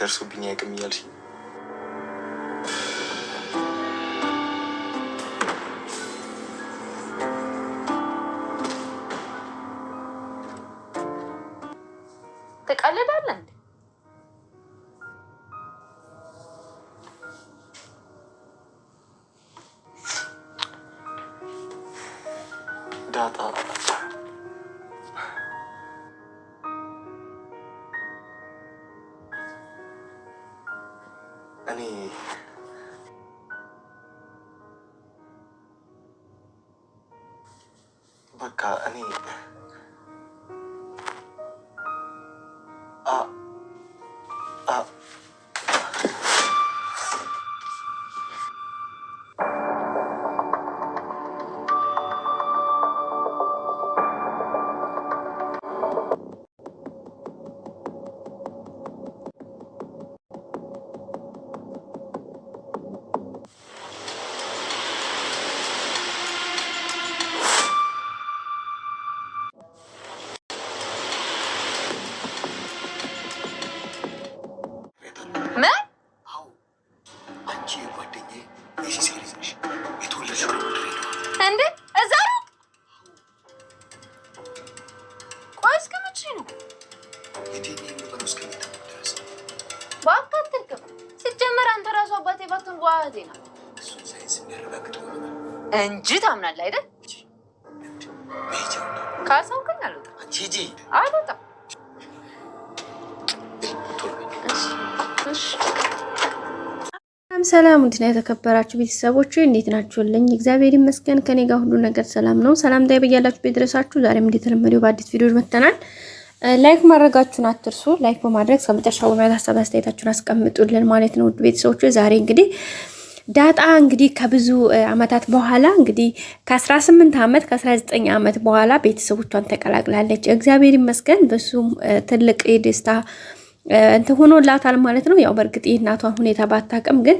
ደርሶብኝ አያውቅም እያልሽ ትቀልዳለህ። ዳጣ በቃ እኔ ወዳጄ ናት እንጂ ታምናለህ አይደል? ካሳው ግን አልወጣም። ሰላም እንዴት የተከበራችሁ ቤተሰቦች እንዴት ናችሁልኝ? እግዚአብሔር ይመስገን ከኔ ጋር ሁሉ ነገር ሰላም ነው። ሰላም ታይ በያላችሁ ቤተረሳችሁ። ዛሬም እንደተለመደው በአዲስ ቪዲዮ መጥተናል። ላይክ ማድረጋችሁን አትርሱ። ላይክ በማድረግ እስከመጨረሻው በማየት ሀሳብ አስተያየታችሁን አስቀምጡልን ማለት ነው ቤተሰቦች። ዛሬ እንግዲህ ዳጣ እንግዲህ ከብዙ አመታት በኋላ እንግዲህ ከ18 ዓመት ከ19 ዓመት በኋላ ቤተሰቦቿን ተቀላቅላለች። እግዚአብሔር ይመስገን በሱም ትልቅ ደስታ እንት ሆኖላታል ማለት ነው። ያው በእርግጥ የእናቷን ሁኔታ ባታቅም ግን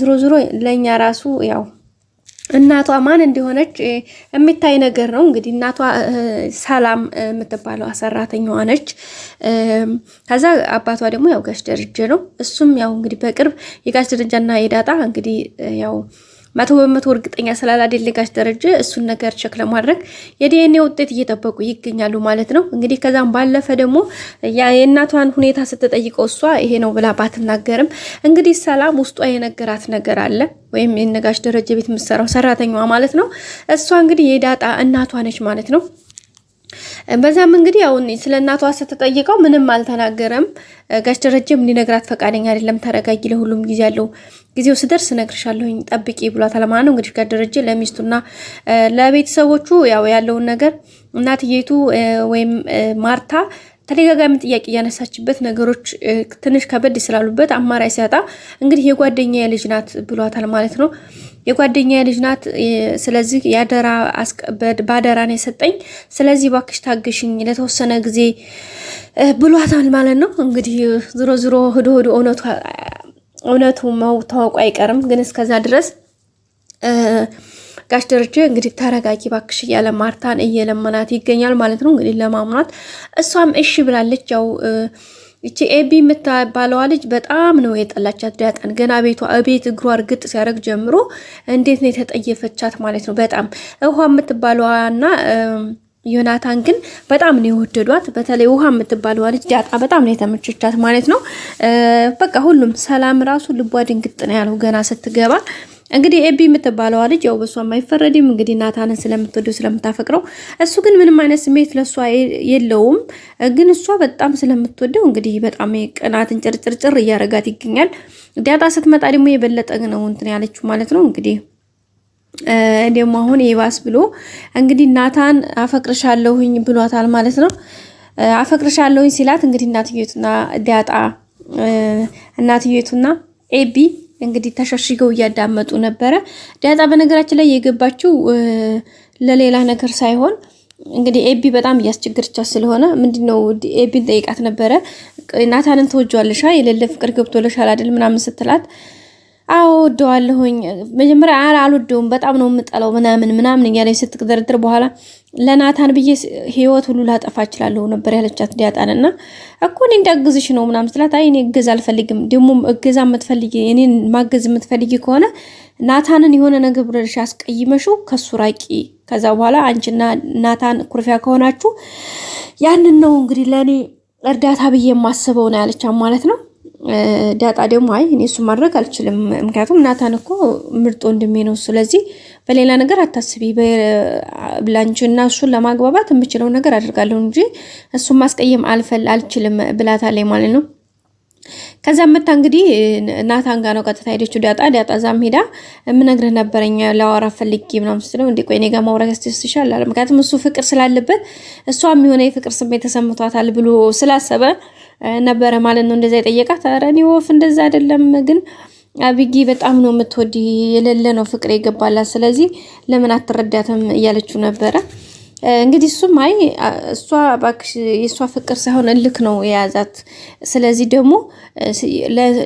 ዝሮ ዝሮ ለእኛ ራሱ ያው እናቷ ማን እንደሆነች የሚታይ ነገር ነው። እንግዲህ እናቷ ሰላም የምትባለው ሰራተኛዋ ነች። ከዛ አባቷ ደግሞ ያው ጋሽ ደረጀ ነው። እሱም ያው እንግዲህ በቅርብ የጋሽ ደረጃና የዳጣ እንግዲህ ያው መቶ በመቶ እርግጠኛ ስላላደለ ጋሽ ደረጀ እሱን ነገር ቸክ ለማድረግ የዲኤንኤ ውጤት እየጠበቁ ይገኛሉ ማለት ነው። እንግዲህ ከዛም ባለፈ ደግሞ የእናቷን ሁኔታ ስትጠይቀው እሷ ይሄ ነው ብላ ባትናገርም እንግዲህ ሰላም ውስጧ የነገራት ነገር አለ ወይም የነጋሽ ደረጀ ቤት የምትሰራው ሰራተኛዋ ማለት ነው። እሷ እንግዲህ የዳጣ እናቷ ነች ማለት ነው። በዛም እንግዲህ አሁን ስለ እናቷ ስትጠይቀው ምንም አልተናገረም። ጋሽ ደረጀም ሊነግራት ፈቃደኛ አይደለም። ተረጋጊ፣ ለሁሉም ጊዜ ያለው ጊዜው ስደርስ እነግርሻለሁኝ ጠብቂ ብሏታል ማለት ነው። እንግዲህ ጋሽ ደረጀ ለሚስቱና ለቤተሰቦቹ ያው ያለውን ነገር እናትየቱ ወይም ማርታ ተደጋጋሚ ጥያቄ እያነሳችበት ነገሮች ትንሽ ከበድ ስላሉበት አማራጭ ሲያጣ እንግዲህ የጓደኛ የልጅ ናት ብሏታል ማለት ነው። የጓደኛ ልጅ ናት፣ ስለዚህ የአደራ በአደራ ነው የሰጠኝ፣ ስለዚህ ባክሽ ታገሽኝ ለተወሰነ ጊዜ ብሏታል ማለት ነው። እንግዲህ ዝሮ ዝሮ ህዶ ህዶ እውነቱ ታወቁ አይቀርም፣ ግን እስከዛ ድረስ ጋሽ ደረጀ እንግዲህ ተረጋጊ ባክሽ እያለ ማርታን እየለመናት ይገኛል ማለት ነው። እንግዲህ ለማሙናት እሷም እሺ ብላለች። ያው እቺ ኤቢ የምትባለዋ ልጅ በጣም ነው የጠላቻት ዳጣን። ገና ቤቷ እቤት እግሯ እርግጥ ሲያደርግ ጀምሮ እንዴት ነው የተጠየፈቻት ማለት ነው። በጣም ውሃ የምትባለዋ ዮናታን ግን በጣም ነው የወደዷት። በተለይ ውሃ የምትባለዋ ልጅ ዳጣ በጣም ነው የተመቸቻት ማለት ነው። በቃ ሁሉም ሰላም ራሱ ልቧ ድንግጥ ነው ያለው ገና ስትገባ እንግዲህ ኤቢ የምትባለዋ ልጅ ያው በሷ የማይፈረድም እንግዲህ ናታንን ስለምትወደው ስለምታፈቅረው፣ እሱ ግን ምንም አይነት ስሜት ለእሷ የለውም። ግን እሷ በጣም ስለምትወደው እንግዲህ በጣም ቅናትን ጭርጭርጭር እያረጋት ይገኛል። ዳጣ ስትመጣ ደግሞ የበለጠ ነው እንትን ያለችው ማለት ነው እንግዲህ ደግሞ አሁን ይባስ ብሎ እንግዲህ ናታን አፈቅርሻለሁኝ ብሏታል ማለት ነው። አፈቅርሻለሁኝ ሲላት እንግዲህ እናትዬቱና ዳጣ እናትዬቱና ኤቢ እንግዲህ ተሸሽገው እያዳመጡ ነበረ። ዳጣ በነገራችን ላይ የገባችው ለሌላ ነገር ሳይሆን እንግዲህ ኤቢ በጣም እያስቸገረቻት ስለሆነ ምንድነው ኤቢን ጠይቃት ነበረ። ናታንን ተወጇለሻ የሌለ ፍቅር ገብቶልሻል አይደል ምናምን ስትላት አዎ ወደዋለሁኝ መጀመሪያ አልወደውም በጣም ነው የምጠለው ምናምን ምናምን እያለች ስትደረድር በኋላ ለናታን ብዬ ህይወት ሁሉ ላጠፋ እችላለሁ ነበር ያለቻት ዲያጣን እና እኮ እኔ እንዳግዝሽ ነው ምናምን ስላት፣ አይ እኔ እገዛ አልፈልግም። ደግሞ እገዛ የምትፈልጊ እኔን ማገዝ የምትፈልጊ ከሆነ ናታንን የሆነ ነገር ብለሽ አስቀይመሹ ከሱ ራቂ። ከዛ በኋላ አንቺና ናታን ኩርፊያ ከሆናችሁ ያንን ነው እንግዲህ ለእኔ እርዳታ ብዬ የማስበው ነው ያለቻት ማለት ነው። ዳጣ ደግሞ አይ እኔ እሱ ማድረግ አልችልም፣ ምክንያቱም ናታን እኮ ምርጥ ወንድሜ ነው። ስለዚህ በሌላ ነገር አታስቢ፣ ብላንቺ እና እሱን ለማግባባት የምችለው ነገር አድርጋለሁ እንጂ እሱን ማስቀየም አልፈል አልችልም ብላታለች ማለት ነው። ከዛ መታ እንግዲህ ናታን ጋ ነው ቀጥታ ሄደችው ዳጣ። ዳጣ ዛም ሄዳ የምነግርህ ነበረኝ ላወራ ፈልጊ ምናም ስትለው እንዲ ቆይ እኔ ጋር ማውራት ያስደስትሻል አለ። ምክንያቱም እሱ ፍቅር ስላለበት እሷም የሆነ የፍቅር ስሜት ተሰምቷታል ብሎ ስላሰበ ነበረ ማለት ነው። እንደዛ የጠየቃት ኧረ እኔ ወፍ እንደዛ አይደለም ግን አብጊ በጣም ነው የምትወድ የሌለ ነው ፍቅር የገባላት ስለዚህ ለምን አትረዳትም እያለችው ነበረ። እንግዲህ እሱም አይ እሷ እባክሽ የእሷ ፍቅር ሳይሆን እልክ ነው የያዛት። ስለዚህ ደግሞ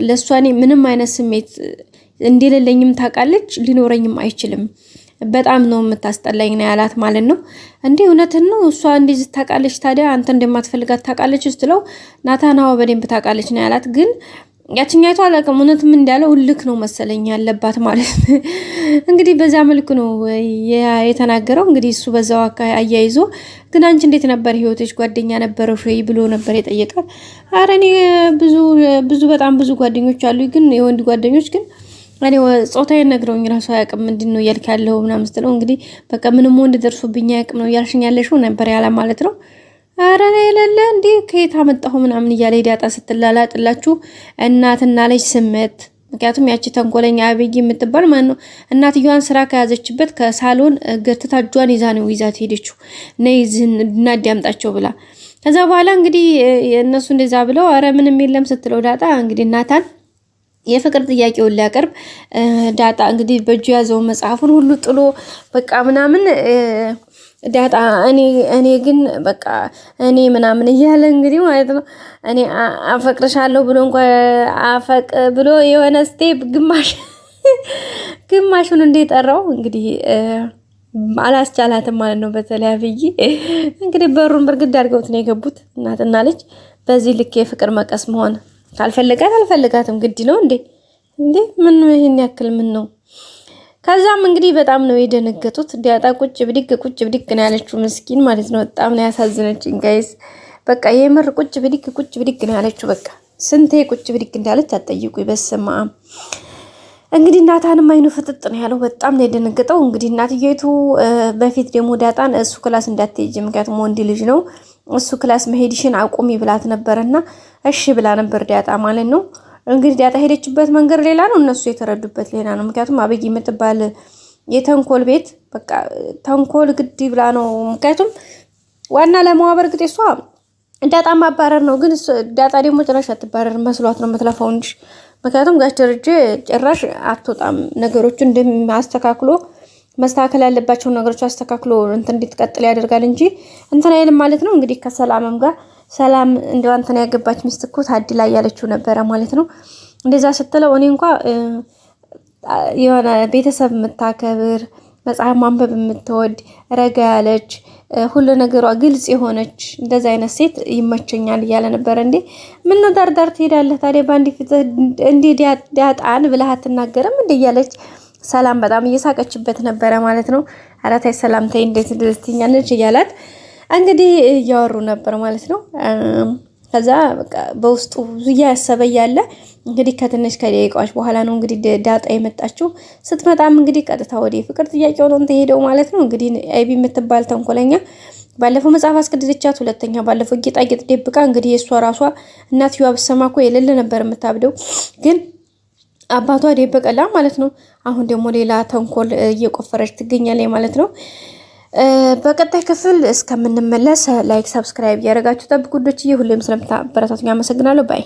ለእሷ እኔ ምንም አይነት ስሜት እንደሌለኝም ታውቃለች፣ ሊኖረኝም አይችልም በጣም ነው የምታስጠላኝ ነው ያላት ማለት ነው። እንዲህ እውነትን ነው እሷ እንዲህ ታውቃለች። ታዲያ አንተ እንደማትፈልጋት ታውቃለች ስትለው ናታናዋ በደንብ ታውቃለች ነው ያላት ግን ያችኛይቱ አላውቅም እውነትም እንዳለው ልክ ነው መሰለኝ ያለባት ማለት እንግዲህ በዛ መልኩ ነው የተናገረው። እንግዲህ እሱ በዛው አያይዞ ግን አንቺ እንዴት ነበር ህይወቶች ጓደኛ ነበረ ወይ ብሎ ነበር የጠየቃት። አረ እኔ ብዙ ብዙ በጣም ብዙ ጓደኞች አሉ ግን የወንድ ጓደኞች ግን እኔ ጾታዊ ነግረውኝ ራሱ አያውቅም። ምንድን ነው እያልክ ያለው ምናምን ስትለው እንግዲህ በቃ ምንም ወንድ ደርሶብኝ አያውቅም ነው እያልሽኝ ያለሽው ነበር ያላ ማለት ነው። አረ የሌለ እንዴ ከየት አመጣሁ ምናምን እያለ ዳጣ ስትላላጥላችሁ እናትና ልጅ ስመት ምክንያቱም ያቺ ተንኮለኛ አብይ የምትባል ማለት ነው እናትየዋን ስራ ከያዘችበት ከሳሎን ገርትታ እጇን ይዛ ነው ይዛት ሄደችው ነይ እናዳምጣቸው ብላ ከዛ በኋላ እንግዲህ እነሱ እንደዛ ብለው አረ ምንም የለም ስትለው ዳጣ እንግዲህ እናታን የፍቅር ጥያቄውን ሊያቀርብ ዳጣ እንግዲህ በእጁ የያዘውን መጽሐፉን ሁሉ ጥሎ በቃ ምናምን ዳጣ እኔ እኔ ግን በቃ እኔ ምናምን እያለ እንግዲህ ማለት ነው እኔ አፈቅርሻለሁ ብሎ እንኳ አፈቅ ብሎ የሆነ ስቴፕ ግማሽ ግማሹን እንደጠራው እንግዲህ አላስቻላትም ማለት ነው። በተለይ አብይ እንግዲህ በሩን በርግድ አድርገውት ነው የገቡት እናትና ልጅ። በዚህ ልክ የፍቅር መቀስ መሆን ካልፈለጋት አልፈለጋትም ግድ ነው እንዴ? እንዴ ምን ይሄን ያክል ምን ነው? ከዛም እንግዲህ በጣም ነው የደነገጡት። ዲያጣ ቁጭ ብድግ ቁጭ ብድግ ነው ያለችው ምስኪን ማለት ነው። በጣም ነው ያሳዝነችኝ ጋይስ። በቃ የምር ቁጭ ብድግ ቁጭ ብድግ ነው ያለችው። በቃ ስንቴ ቁጭ ብድግ እንዳለች አትጠይቁ። በስማ እንግዲህ እናታንም አይኑ ፍጥጥ ነው ያለው። በጣም ነው የደነገጠው። እንግዲህ እናትየቱ በፊት ደግሞ ዳጣን እሱ ክላስ እንዳትሄጂ ምክንያቱም ወንድ ልጅ ነው እሱ ክላስ መሄድሽን አቁሚ ብላት ነበርና እሺ ብላ ነበር ዳጣ ማለት ነው። እንግዲህ ዳጣ ሄደችበት መንገድ ሌላ ነው፣ እነሱ የተረዱበት ሌላ ነው። ምክንያቱም አበይ የምትባል የተንኮል ቤት በቃ ተንኮል ግድ ብላ ነው። ምክንያቱም ዋና ለመዋበር በርግጥ እሷ ዳጣ ማባረር ነው፣ ግን ዳጣ ደግሞ ጭራሽ አትባረር መስሏት ነው የምትለፋው እንጂ ምክንያቱም ጋሽ ደረጀ ጭራሽ አትወጣም ነገሮቹ እንደማስተካክሎ መስተካከል ያለባቸውን ነገሮች አስተካክሎ እንትን እንዲትቀጥል ያደርጋል እንጂ እንትን አይልም ማለት ነው። እንግዲህ ከሰላምም ጋር ሰላም እንዲያው እንትን ያገባች ሚስት እኮ ላይ ያለችው ነበረ ማለት ነው። እንደዛ ስትለው እኔ እንኳ የሆነ ቤተሰብ የምታከብር መጽሐፍ ማንበብ የምትወድ ረጋ ያለች ሁሉ ነገሯ ግልጽ የሆነች እንደዚ አይነት ሴት ይመቸኛል እያለ ነበረ። እንዴ ምን ዳርዳር ትሄዳለህ ታዲያ በአንድ ፊት እንዲህ ዳጣን ብለህ አትናገርም እንደ እያለች ሰላም በጣም እየሳቀችበት ነበረ ማለት ነው። አራታይ ሰላምታይ እንዴት ደስተኛለች እያላት እንግዲህ እያወሩ ነበር ማለት ነው። ከዛ በውስጡ እያሰበ እያለ እንግዲህ ከትንሽ ከደቂቃዎች በኋላ ነው እንግዲህ ዳጣ የመጣችው። ስትመጣም እንግዲህ ቀጥታ ወደ ፍቅር ጥያቄው ነው ተሄደው ማለት ነው። እንግዲህ አይቢ የምትባል ተንኮለኛ ባለፈው መጽሐፍ አስገድደቻት፣ ሁለተኛ ባለፈው ጌጣጌጥ ደብቃ እንግዲህ የእሷ ራሷ እናትዮዋ ብትሰማ እኮ የሌለ ነበር የምታብደው ግን አባቷ ደበቀላ ማለት ነው። አሁን ደግሞ ሌላ ተንኮል እየቆፈረች ትገኛለች ማለት ነው። በቀጣይ ክፍል እስከምንመለስ ላይክ፣ ሰብስክራይብ እያደረጋችሁ ጠብቁ ውዶችዬ። ሁሌም ስለምታበረታቱኝ አመሰግናለሁ። ባይ